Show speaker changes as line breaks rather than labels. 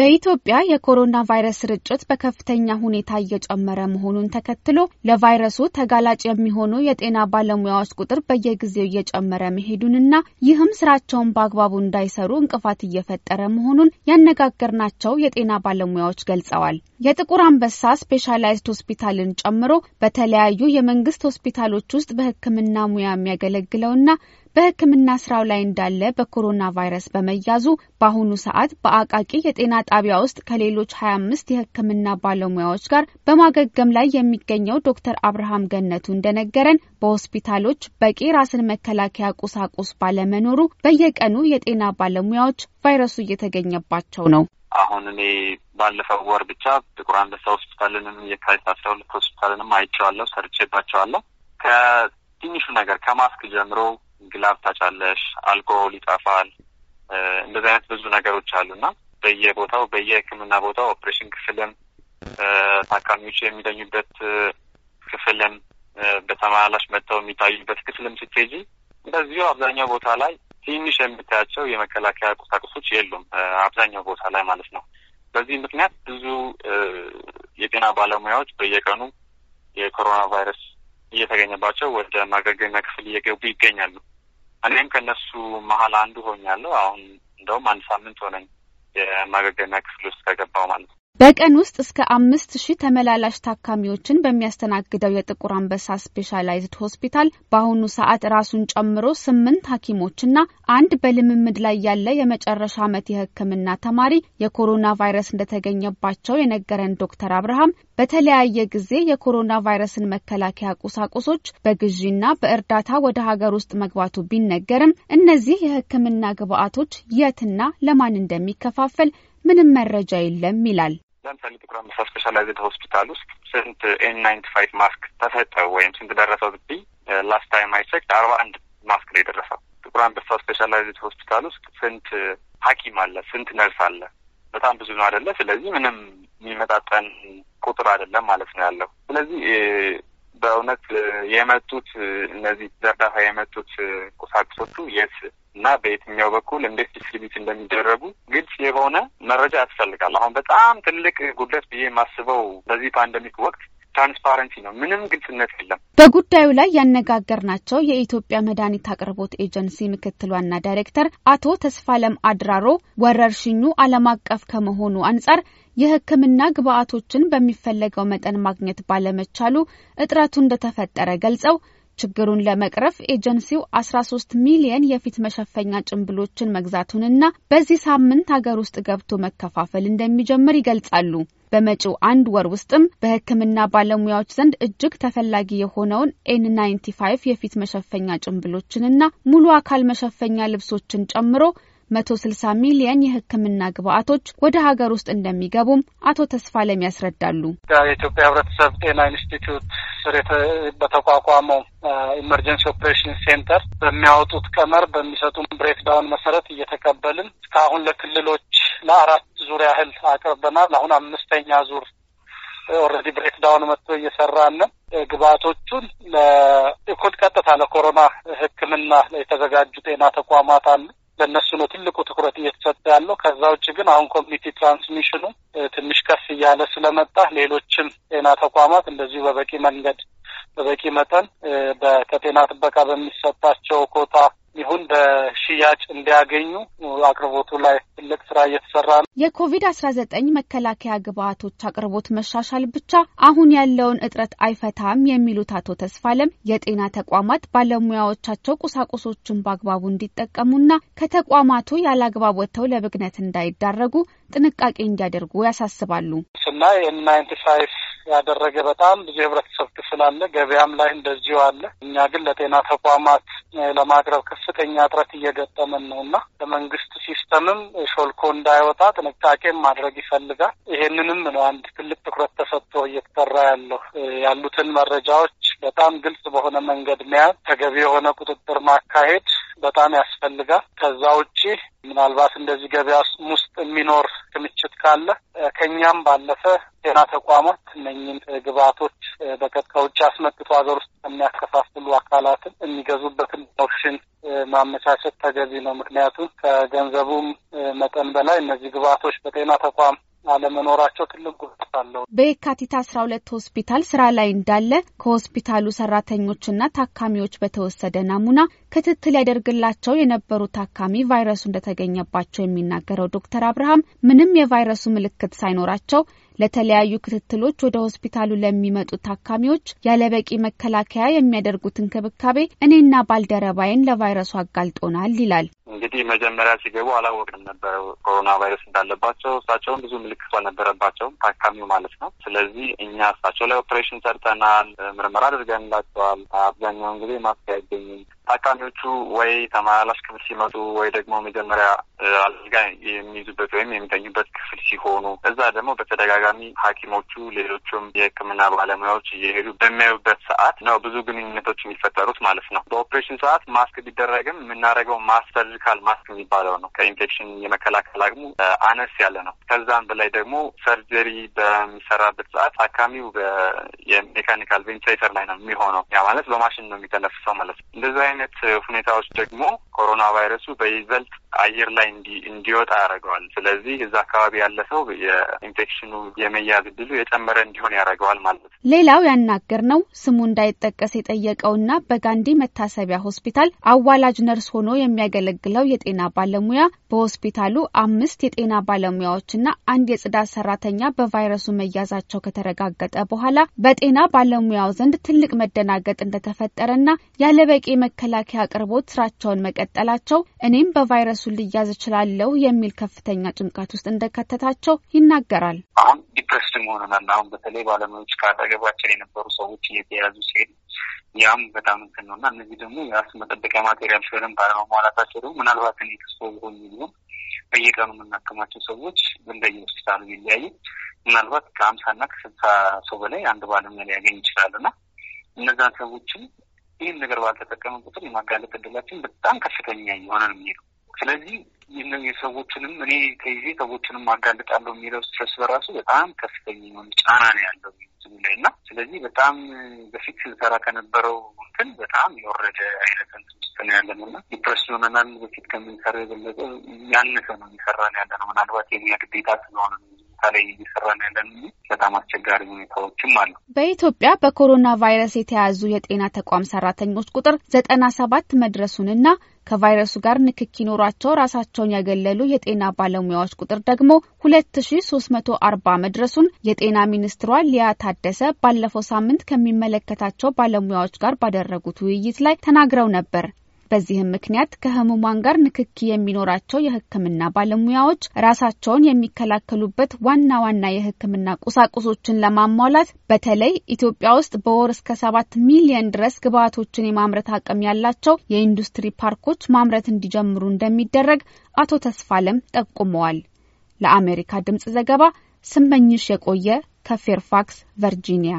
በኢትዮጵያ የኮሮና ቫይረስ ስርጭት በከፍተኛ ሁኔታ እየጨመረ መሆኑን ተከትሎ ለቫይረሱ ተጋላጭ የሚሆኑ የጤና ባለሙያዎች ቁጥር በየጊዜው እየጨመረ መሄዱንና ይህም ስራቸውን በአግባቡ እንዳይሰሩ እንቅፋት እየፈጠረ መሆኑን ያነጋገርናቸው የጤና ባለሙያዎች ገልጸዋል። የጥቁር አንበሳ ስፔሻላይዝድ ሆስፒታልን ጨምሮ በተለያዩ የመንግስት ሆስፒታሎች ውስጥ በሕክምና ሙያ የሚያገለግለውና በሕክምና ስራው ላይ እንዳለ በኮሮና ቫይረስ በመያዙ በአሁኑ ሰዓት በአቃቂ የጤና ጣቢያ ውስጥ ከሌሎች 25 የሕክምና ባለሙያዎች ጋር በማገገም ላይ የሚገኘው ዶክተር አብርሃም ገነቱ እንደነገረን በሆስፒታሎች በቂ ራስን መከላከያ ቁሳቁስ ባለመኖሩ በየቀኑ የጤና ባለሙያዎች ቫይረሱ እየተገኘባቸው ነው።
አሁን እኔ ባለፈው ወር ብቻ ጥቁር አንበሳ ሆስፒታልንም የካቲት አስራ ሁለት ሆስፒታልንም አይቼዋለሁ፣ ሰርቼባቸዋለሁ። ከትንሹ ነገር ከማስክ ጀምሮ ግላብ ታጫለሽ፣ አልኮሆል ይጠፋል። እንደዚህ አይነት ብዙ ነገሮች አሉና በየቦታው በየህክምና ቦታው ኦፕሬሽን ክፍልም ታካሚዎች የሚገኙበት ክፍልም በተመላላሽ መጥተው የሚታዩበት ክፍልም ስትሄጂ እንደዚሁ አብዛኛው ቦታ ላይ ትንሽ የምታያቸው የመከላከያ ቁሳቁሶች የሉም፣ አብዛኛው ቦታ ላይ ማለት ነው። በዚህ ምክንያት ብዙ የጤና ባለሙያዎች በየቀኑ የኮሮና ቫይረስ እየተገኘባቸው ወደ ማገገሚያ ክፍል እየገቡ ይገኛሉ። እኔም ከእነሱ መሀል አንዱ ሆኛለሁ። አሁን እንደውም አንድ ሳምንት ሆነኝ የማገገሚያ ክፍል ውስጥ ከገባው ማለት ነው።
በቀን ውስጥ እስከ አምስት ሺህ ተመላላሽ ታካሚዎችን በሚያስተናግደው የጥቁር አንበሳ ስፔሻላይዝድ ሆስፒታል በአሁኑ ሰዓት ራሱን ጨምሮ ስምንት ሐኪሞችና አንድ በልምምድ ላይ ያለ የመጨረሻ ዓመት የሕክምና ተማሪ የኮሮና ቫይረስ እንደተገኘባቸው የነገረን ዶክተር አብርሃም በተለያየ ጊዜ የኮሮና ቫይረስን መከላከያ ቁሳቁሶች በግዢና በእርዳታ ወደ ሀገር ውስጥ መግባቱ ቢነገርም እነዚህ የሕክምና ግብዓቶች የትና ለማን እንደሚከፋፈል ምንም መረጃ የለም ይላል።
ለምሳሌ ጥቁር አንበሳ ስፔሻላይዝድ ሆስፒታል ውስጥ ስንት ኤን ናይንቲ ፋይቭ ማስክ ተሰጠ ወይም ስንት ደረሰው ብትይ ላስት ታይም አይቼክድ አርባ አንድ ማስክ ነው የደረሰው። ጥቁር አንበሳ ስፔሻላይዝድ ሆስፒታል ውስጥ ስንት ሐኪም አለ? ስንት ነርስ አለ? በጣም ብዙ ነው አይደለ? ስለዚህ ምንም የሚመጣጠን ቁጥር አይደለም ማለት ነው ያለው። ስለዚህ በእውነት የመጡት እነዚህ ዘርዳፋ የመጡት ቁሳቁሶቹ የት እና በየትኛው በኩል እንዴት ዲስትሪቢዩት እንደሚደረጉ ግልጽ የሆነ መረጃ ያስፈልጋል። አሁን በጣም ትልቅ ጉድለት ብዬ የማስበው በዚህ ፓንደሚክ ወቅት ትራንስፓረንሲ ነው። ምንም ግልጽነት የለም።
በጉዳዩ ላይ ያነጋገርናቸው የኢትዮጵያ መድኃኒት አቅርቦት ኤጀንሲ ምክትል ዋና ዳይሬክተር አቶ ተስፋለም አድራሮ ወረርሽኙ ዓለም አቀፍ ከመሆኑ አንጻር የሕክምና ግብዓቶችን በሚፈለገው መጠን ማግኘት ባለመቻሉ እጥረቱ እንደተፈጠረ ገልጸው ችግሩን ለመቅረፍ ኤጀንሲው 13 ሚሊየን የፊት መሸፈኛ ጭንብሎችን መግዛቱንና በዚህ ሳምንት ሀገር ውስጥ ገብቶ መከፋፈል እንደሚጀምር ይገልጻሉ። በመጪው አንድ ወር ውስጥም በሕክምና ባለሙያዎች ዘንድ እጅግ ተፈላጊ የሆነውን ኤን 95 የፊት መሸፈኛ ጭንብሎችንና ሙሉ አካል መሸፈኛ ልብሶችን ጨምሮ 160 ሚሊየን የህክምና ግብአቶች ወደ ሀገር ውስጥ እንደሚገቡም አቶ ተስፋ ለም ያስረዳሉ።
የኢትዮጵያ ህብረተሰብ ጤና ኢንስቲትዩት ስር በተቋቋመው ኢመርጀንሲ ኦፕሬሽን ሴንተር በሚያወጡት ቀመር በሚሰጡን ብሬክዳውን መሰረት እየተቀበልን እስካሁን ለክልሎች ለአራት ዙር ያህል አቅርበናል። አሁን አምስተኛ ዙር ኦልሬዲ ብሬክ ዳውን መጥቶ እየሰራን ነው። ግብአቶቹን ለኢኮድ ቀጥታ ለኮሮና ሕክምና የተዘጋጁ ጤና ተቋማት አሉ። ለእነሱ ነው ትልቁ ትኩረት እየተሰጠ ያለው። ከዛ ውጭ ግን አሁን ኮሚኒቲ ትራንስሚሽኑ ትንሽ ከፍ እያለ ስለመጣ ሌሎችም ጤና ተቋማት እንደዚሁ በበቂ መንገድ በበቂ መጠን ከጤና ጥበቃ በሚሰጣቸው ኮታ ይሁን በሽያጭ እንዲያገኙ አቅርቦቱ ላይ ትልቅ ስራ እየተሰራ ነው።
የኮቪድ አስራ ዘጠኝ መከላከያ ግብአቶች አቅርቦት መሻሻል ብቻ አሁን ያለውን እጥረት አይፈታም የሚሉት አቶ ተስፋለም የጤና ተቋማት ባለሙያዎቻቸው ቁሳቁሶችን በአግባቡ እንዲጠቀሙና ከተቋማቱ ያለ ወጥተው ለብግነት እንዳይዳረጉ ጥንቃቄ እንዲያደርጉ ያሳስባሉ
እና ኤን ናይንቲ ፋይቭ ያደረገ በጣም ብዙ የህብረተሰብ ክፍል አለ። ገበያም ላይ እንደዚሁ አለ። እኛ ግን ለጤና ተቋማት ለማቅረብ ከፍተኛ እጥረት እየገጠመን ነው እና ለመንግስት ሲስተምም ሾልኮ እንዳይወጣ ጥንቃቄም ማድረግ ይፈልጋል። ይሄንንም ነው አንድ ትልቅ ትኩረት ተሰጥቶ እየተጠራ ያለው ያሉትን መረጃዎች በጣም ግልጽ በሆነ መንገድ መያዝ፣ ተገቢ የሆነ ቁጥጥር ማካሄድ በጣም ያስፈልጋል። ከዛ ውጪ ምናልባት እንደዚህ ገበያ ውስጥ የሚኖር ክምችት ካለ ከእኛም ባለፈ ጤና ተቋማት እነኝን ግብአቶች በቀጥ ከውጭ አስመጥቶ ሀገር ውስጥ የሚያከፋፍሉ አካላትን የሚገዙበትን ኦፕሽን ማመቻቸት ተገቢ ነው። ምክንያቱም ከገንዘቡም መጠን በላይ እነዚህ ግብአቶች በጤና ተቋም አለመኖራቸው ትልቅ ጉዳት አለው።
በየካቲት አስራ ሁለት ሆስፒታል ስራ ላይ እንዳለ ከሆስፒታሉ ሰራተኞችና ታካሚዎች በተወሰደ ናሙና ክትትል ያደርግላቸው የነበሩ ታካሚ ቫይረሱ እንደተገኘባቸው የሚናገረው ዶክተር አብርሃም ምንም የቫይረሱ ምልክት ሳይኖራቸው ለተለያዩ ክትትሎች ወደ ሆስፒታሉ ለሚመጡ ታካሚዎች ያለበቂ መከላከያ የሚያደርጉት እንክብካቤ እኔና ባልደረባይን ለቫይረሱ አጋልጦናል ይላል።
እንግዲህ መጀመሪያ ሲገቡ አላወቅንም ነበረ ኮሮና ቫይረስ እንዳለባቸው። እሳቸውም ብዙ ምልክት አልነበረባቸውም፣ ታካሚው ማለት ነው። ስለዚህ እኛ እሳቸው ላይ ኦፕሬሽን ሰርተናል፣ ምርመራ አድርገንላቸዋል። አብዛኛውን ጊዜ ማስክ አይገኝም ታካሚዎቹ ወይ ተመላላሽ ክፍል ሲመጡ ወይ ደግሞ መጀመሪያ አልጋ የሚይዙበት ወይም የሚተኙበት ክፍል ሲሆኑ እዛ ደግሞ በተደጋጋሚ ሐኪሞቹ ሌሎቹም የሕክምና ባለሙያዎች እየሄዱ በሚያዩበት ሰዓት ነው ብዙ ግንኙነቶች የሚፈጠሩት ማለት ነው። በኦፕሬሽን ሰዓት ማስክ ቢደረግም የምናደርገው ማስክ ሰርጂካል ማስክ የሚባለው ነው። ከኢንፌክሽን የመከላከል አቅሙ አነስ ያለ ነው። ከዛም በላይ ደግሞ ሰርጀሪ በሚሰራበት ሰዓት ታካሚው የሜካኒካል ቬንትሬተር ላይ ነው የሚሆነው። ያ ማለት በማሽን ነው የሚተነፍሰው ማለት ነው። እንደዚህ አይነት ሁኔታዎች ደግሞ ኮሮና ቫይረሱ በይበልጥ አየር ላይ እንዲወጣ ያደርገዋል። ስለዚህ እዛ አካባቢ ያለ ሰው የኢንፌክሽኑ የመያዝ እድሉ የጨመረ እንዲሆን ያደርገዋል ማለት ነው።
ሌላው ያናገር ነው ስሙ እንዳይጠቀስ የጠየቀውና በጋንዲ መታሰቢያ ሆስፒታል አዋላጅ ነርስ ሆኖ የሚያገለግለው የጤና ባለሙያ በሆስፒታሉ አምስት የጤና ባለሙያዎችና አንድ የጽዳት ሰራተኛ በቫይረሱ መያዛቸው ከተረጋገጠ በኋላ በጤና ባለሙያው ዘንድ ትልቅ መደናገጥ እንደተፈጠረና ያለበቂ መከላከል መከላከያ አቅርቦት ስራቸውን መቀጠላቸው እኔም በቫይረሱ ልያዝ እችላለሁ የሚል ከፍተኛ ጭንቀት ውስጥ እንደከተታቸው ይናገራል።
አሁን ዲፕሬስድ መሆኑናል። አሁን በተለይ ባለሙያዎች ከአጠገባችን የነበሩ ሰዎች እየተያዙ ሲሄድ ያም በጣም እንትን ነው እና እነዚህ ደግሞ የራስ መጠበቂያ ማቴሪያል ሲሆንም ባለመሟላታቸው ደግሞ ምናልባት እኔ ክሶ ሆኝ ሊሆን በየቀኑ የምናከማቸው ሰዎች እንደየ ሆስፒታሉ ይለያዩ። ምናልባት ከሀምሳና ከስልሳ ሰው በላይ አንድ ባለሙያ ሊያገኝ ይችላል እና እነዛን ሰዎችም ይህን ነገር ባልተጠቀመ ቁጥር የማጋለጥ እድላችን በጣም ከፍተኛ የሆነ ነው የሚሄዱ ስለዚህ ይህንን የሰዎችንም እኔ ከይዜ ሰዎችንም አጋልጣለሁ የሚለው ስትረስ በራሱ በጣም ከፍተኛ የሆነ ጫና ነው ያለው ዝም ላይ እና ስለዚህ በጣም በፊት ስንሰራ ከነበረው እንትን በጣም የወረደ አይነት እንትን ነው ያለ ነው እና ዲፕረስ ሆነናል በፊት ከምንሰራ የበለጠ ያነሰ ነው የሚሰራ ነው ያለ ነው። ምናልባት የሚያ ግዴታ ስለሆነ ነው ላይ ነው ያለን በጣም አስቸጋሪ ሁኔታዎችም አሉ።
በኢትዮጵያ በኮሮና ቫይረስ የተያዙ የጤና ተቋም ሰራተኞች ቁጥር ዘጠና ሰባት መድረሱንና ከቫይረሱ ጋር ንክኪ ኖሯቸው ራሳቸውን ያገለሉ የጤና ባለሙያዎች ቁጥር ደግሞ ሁለት ሺ ሶስት መቶ አርባ መድረሱን የጤና ሚኒስትሯ ሊያ ታደሰ ባለፈው ሳምንት ከሚመለከታቸው ባለሙያዎች ጋር ባደረጉት ውይይት ላይ ተናግረው ነበር። በዚህም ምክንያት ከህሙማን ጋር ንክኪ የሚኖራቸው የህክምና ባለሙያዎች ራሳቸውን የሚከላከሉበት ዋና ዋና የህክምና ቁሳቁሶችን ለማሟላት በተለይ ኢትዮጵያ ውስጥ በወር እስከ ሰባት ሚሊየን ድረስ ግብዓቶችን የማምረት አቅም ያላቸው የኢንዱስትሪ ፓርኮች ማምረት እንዲጀምሩ እንደሚደረግ አቶ ተስፋ ጠቁመዋል። ለአሜሪካ ድምጽ ዘገባ ስመኝሽ የቆየ ከፌርፋክስ ቨርጂኒያ